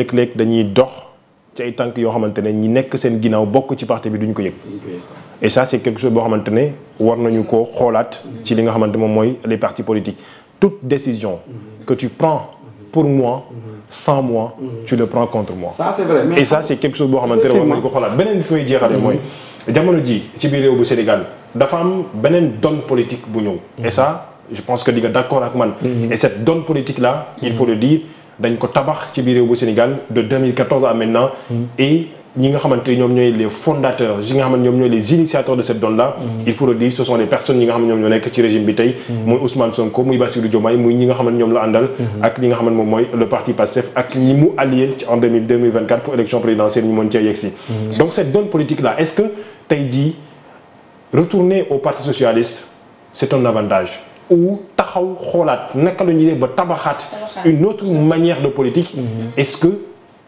léeg-léeg dañuy dox ci ay tànk yoo xamante ne ñi nekk seen ginnaaw bokk ci parti bi duñ ko yëg et ça c'est quelque chose boo xamante war nañu ko xoolaat ci li nga xamante moom mooy les partis politiques toute décision que tu prends pour moi sans moi tu le prends contre moi ça c'est vrai mais et ça c'est quelque chose boo xamante ne war nañu ko xoolaat beneen fi may jeexale mooy jamono ji ci biir réew bu Sénégal dafa am beneen donne politique bu ñëw et ça je pense que di d'accord ak mm-hmm. politique là il faut dañ ko tabax ci biir réew bu Sénégal de 2014 à mm. et ñi nga xamante ni ñoom ñooy les fondateurs yi nga xam ñoom ñooy les initiateurs de cette donne là mm. il faut le ce sont des personnes yi nga xam ne ñoom ñoo nekk ci régime bi tey mm. muy Ousmane Sonko muy Bassirou Diomaye muy ñi nga xam ne ñoom la àndal mm-hmm. ak ñi nga xam moom mooy le parti Pastef ak ñi mu allié ci en pour élection présidentielle ñu mën cee yegsi mm-hmm. donc cette donne politique là est-ce que au parti socialiste c'est un ou taxaw xoolaat naka la ñuy def ba tabaxaat une autre manière de politique mhm. est-ce que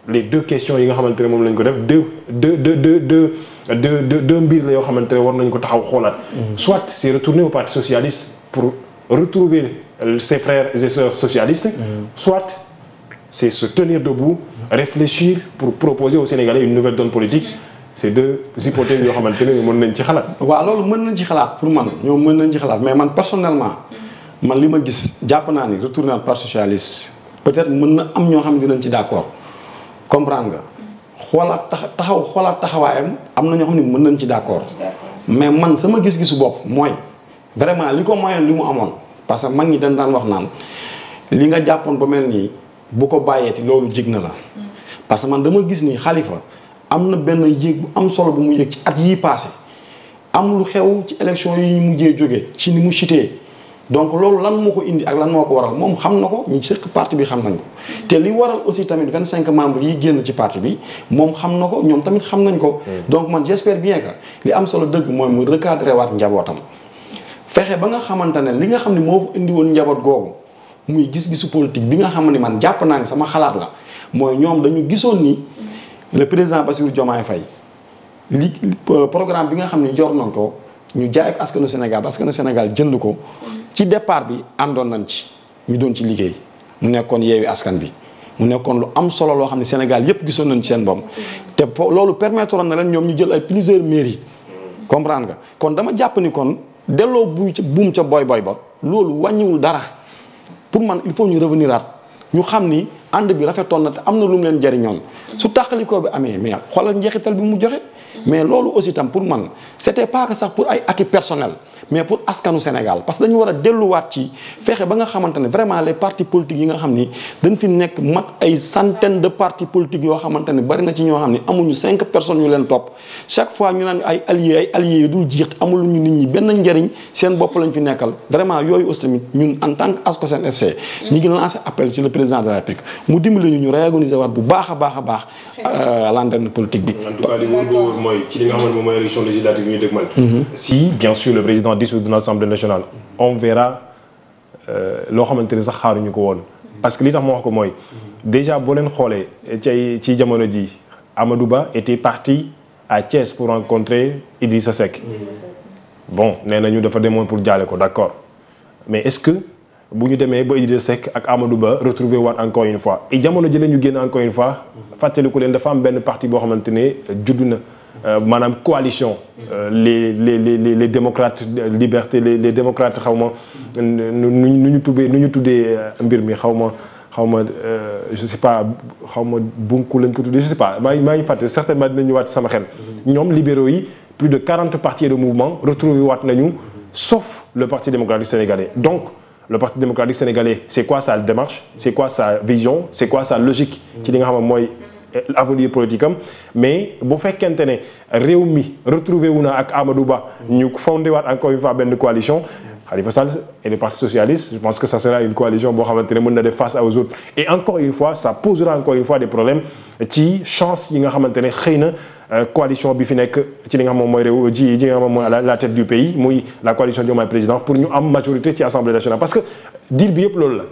les deux questions yi nga xamante ne moom lañ ko def deux deux deux deux deux deux mbir la yoo xamante ne war nañ ko taxaw xoolaat mhm. soit c'est retourner au parti socialiste pour retrouver ses frères et sœurs socialistes mhm. soit c'est se tenir debout réfléchir pour proposer au Sénégalais une nouvelle donne politique c'est deux hypothèses yoo xamante ne mën nañ ci xalaat. waaw loolu mën nañ ci xalaat pour man ñoom mën nañ ci xalaat mais man personnellement man li ma gis jàpp naa ni retourner al parti socialiste peut-être mën na am ñoo xam ne dinañ ci d'accord comprendre nga xoolaat tax taxaw xoolaat taxawaayam am na ñoo xam ne mën nañ ci d'accord mais man sama gis-gisu bopp mooy vraiment li ko mayoon li mu amoon parce que mag ñi dañ daan wax naan li nga jàppoon ba mel nii bu ko bàyyeeti loolu jig na la parce que man dama gis ni Khalifa am na benn yéeg bu am solo bu mu yéeg ci at yii passé am lu xew ci élection yi ñu mujjee jóge ci ni mu chutee donc loolu lan moo ko indi ak lan moo ko waral moom xam na ko ñi sëq parti bi xam nañ ko te li waral aussi tamit 25 membres yi génn ci parti bi moom xam na ko ñoom tamit xam nañ ko hmm. donc man j'espère bien que li am solo dëgg mooy mu recadré waat njabootam fexe ba nga xamante ne li nga xam ne moo fa indi woon njaboot googu muy gis-gisu politique bi nga xam ne man jàpp naa ne sama xalaat la mooy ñoom dañu gisoon nii le président Bassirou jomaay fay li euh, programme bi nga xam ne jor nañ ko ñu jaay ko askanu Sénégal askanu Sénégal jënd ko ci départ bi àndoon nañ ci ñu doon ci liggéey mu nekkoon yeewi askan bi mu nekkoon lu am solo loo xam ne Sénégal yëpp gisoon nañ ci seen bopp te loolu permettre na leen ñoom ñu jël ay plusieurs mairies comprendre nga kon dama jàpp ni kon delloo buy buum ca booy booy ba loolu wàññiwul dara pour man il faut ñu revenir aat xam ni ànd bi rafetoon na te am na lu mu leen jariñoon su tàqalikoo bi amee mais xoolal njeexital bi mu joxe mais loolu aussi tam pour man c'était pas que sax pour ay acquis personnel mais pour askanu Sénégal parce que dañu a nga xamante ne vraiment les partis politiques yi nga xam ni dañ fi nekk mat ay centaine de partis yoo xamante ne bari na ci ñoo xam ni amuñu cinq personnes yu leen topp chaque fois ñu naan ay alliés ay alliés yu dul jiix amuluñu nit ñi benn njariñ seen bopp lañu fi nekkal vraiment yooyu aussi tamit ñun en tant que ASCOSEN FC ñi ngi mu dimbali ñu ñu réorganiser waat bu baax a baax a baax euh, lanterne politique bi. en tout cas mooy ci li nga xamante moom mooy élection législative yi ñu dëgmal. Mhm. si bien sûr le président dissout de l'Assemblée nationale on verra euh, loo xamante ne sax xaaruñu ko woon. parce que li tax ma wax ko mooy. déjà boo leen xoolee eh, ci ci jamono ji Amadou Ba était parti à Thiès pour rencontrer sa Seck. bon nee nañu dafa demoon pour jaale ko d'accord mais est-ce que. bu ñu demee ba Idrissa Seck ak Amadou Ba retrouver waat encore une fois et jamono jëlee ñu génn encore une fois fàttaliku leen dafa am benn parti boo xamante ne euh, juddu na euh, maanaam coalition euh, les les les les démocrates liberté les les démocrates xaw ma nu nu ñu tuddee nu ñu tuddee mbir mi xaw ma xaw ma je sais pas xaw ma bunku lañ ko tuddee je sais pas maa ngi maa ngi fàtte certainement dina ñëwaat sama xel ñoom libéraux yi plus de 40 partis de mouvement retrouver waat nañu sauf le parti démocratique sénégalais donc le parti démocratique sénégalais c'est quoi sa démarche c'est quoi sa vision c'est quoi sa logique ci li nga xam ne mooy eh, avenir mais bu fekkente ne réew mi retrouvé wu na ak Amadou Ba ñu fondé waat encore une fois benn coalition Khalifa Sall et le Parti socialiste je pense que ça sera une coalition boo xamante ne mën na def face aux autres et encore une fois ça posera encore une fois des problèmes ci chance yi nga xamante ne xëy na Euh, coalition bi fi nekk ci li nga xam moom mooy réew ji ji nga xam moom mooy la tête du pays muy la coalition Diomaye président pour ñu am majorité ci assemblée nationale parce que deal bi loolu la.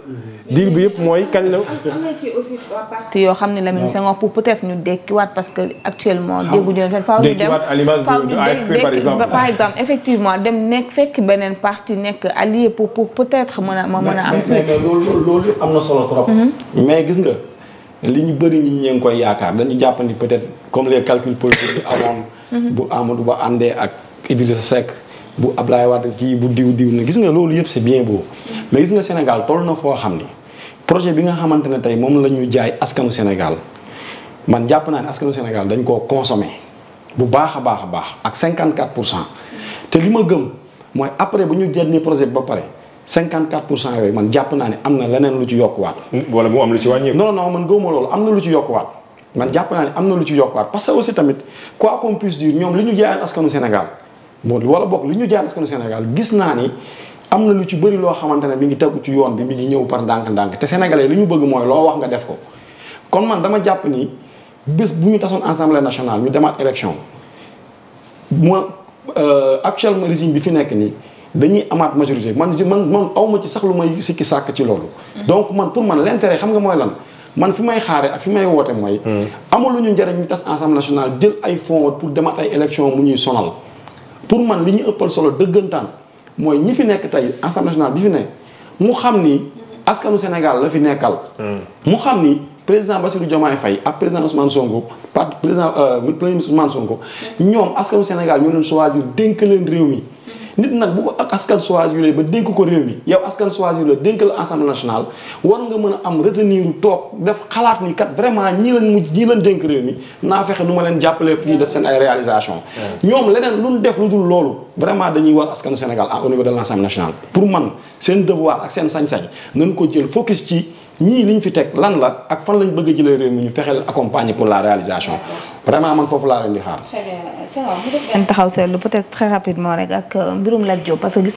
deal bi yëpp mooy kañ la. am na ci aussi trois partis yoo xam ne Lamine Senghor pour peut-être ñu dekkiwaat parce que actuellement. dégguñu leen fenn faaw ñu de AFP par exemple par exemple effectivement dem nekk fekk beneen parti nekk allié pour pour peut-être mën a mën a am. solo trop. Mhm. mais gis nga. li ñu bëri ñi ñee ngi koy yaakaar dañu jàpp ni peut-être comme les calculs politiques yi amoon. Mhm. bu Amadou Ba àndee ak Idrissa sec bu Ablaye Wade kii bu diw diw na gis nga loolu yëpp c'est bien beau. mais gis nga Sénégal toll na foo xam ni projet bi nga xamante ne tey moom la ñu jaay askanu Sénégal man jàpp naa ne askanu Sénégal dañ koo consommé bu baax a baax a baax ak 54 pour cent te li ma gëm mooy après bu ñu jël ni projet bi ba pare. 54 pour cent yooyu man jàpp naa ne am na leneen lu ci yokkuwaat. wala mu am lu ci wàññi. non non man gëwuma loolu am na lu ci yokkuwaat man jàpp naa ne am na lu ci yokkuwaat parce que aussi tamit quoi qu'on puisse dire ñoom li ñu jaayal askanu Sénégal bon wala boog li ñu jaayal askanu Sénégal gis naa ni am na lu ci bëri loo xamante ne mi ngi tegu ci yoon bi mi ngi ñëw par ndànk-ndànk te sénégalais li ñu bëgg mooy loo wax nga def ko kon man dama jàpp ni bés bu ñu tasoon assemblée nationale ñu demaat élection ma euh, actuellement régime bi fi nekk nii. dañuy amaat majorité man man man awma ci sax lu may sikki sàkk ci loolu. donc man pour man l'intérêt xam nga mooy lan man fi may xaare ak fi may woote mooy. Hmm. amul lu ñu njëriñ ñu tas ensemble national jël ay fonds pour demaat ay élection mu ñuy sonal. pour man li ñu ëppal solo dëggantaan mooy ñi fi nekk tey ensemble national bi fi nekk mu xam ni askanu Sénégal la fi nekkal. Hmm. mu xam ni président Bassirou Diomaye Faye ak président Ousmane Sonko par président euh, premier ñoom askanu Sénégal ñoo leen choisir dénk leen réew mi. nit nag bu ko ak askan choisir ba dénk ko réew mi yow askan choisir la dénk la assemblée nationale war nga mën a am retenir toog def xalaat ni kat vraiment ñii lañ mujj ñii lañ dénk réew mi naa fexe nu ma leen jàppalee pour ñu def seen ay réalisation ñoom leneen luñ def lu dul loolu vraiment dañuy war askanu Sénégal au niveau de l'Assemblée nationale pour man seen devoir ak seen sañ-sañ nañ ko jël focus ci ñii liñ fi teg lan la ak fan lañ bëgg a jëlee réew mi ñu fexeel accompagner pour la réalisation vraiment man foofu laa leen di xaar. très bien taxaw seetlu peut-être très rapidement rek ak euh, mbirum Lat parce que gis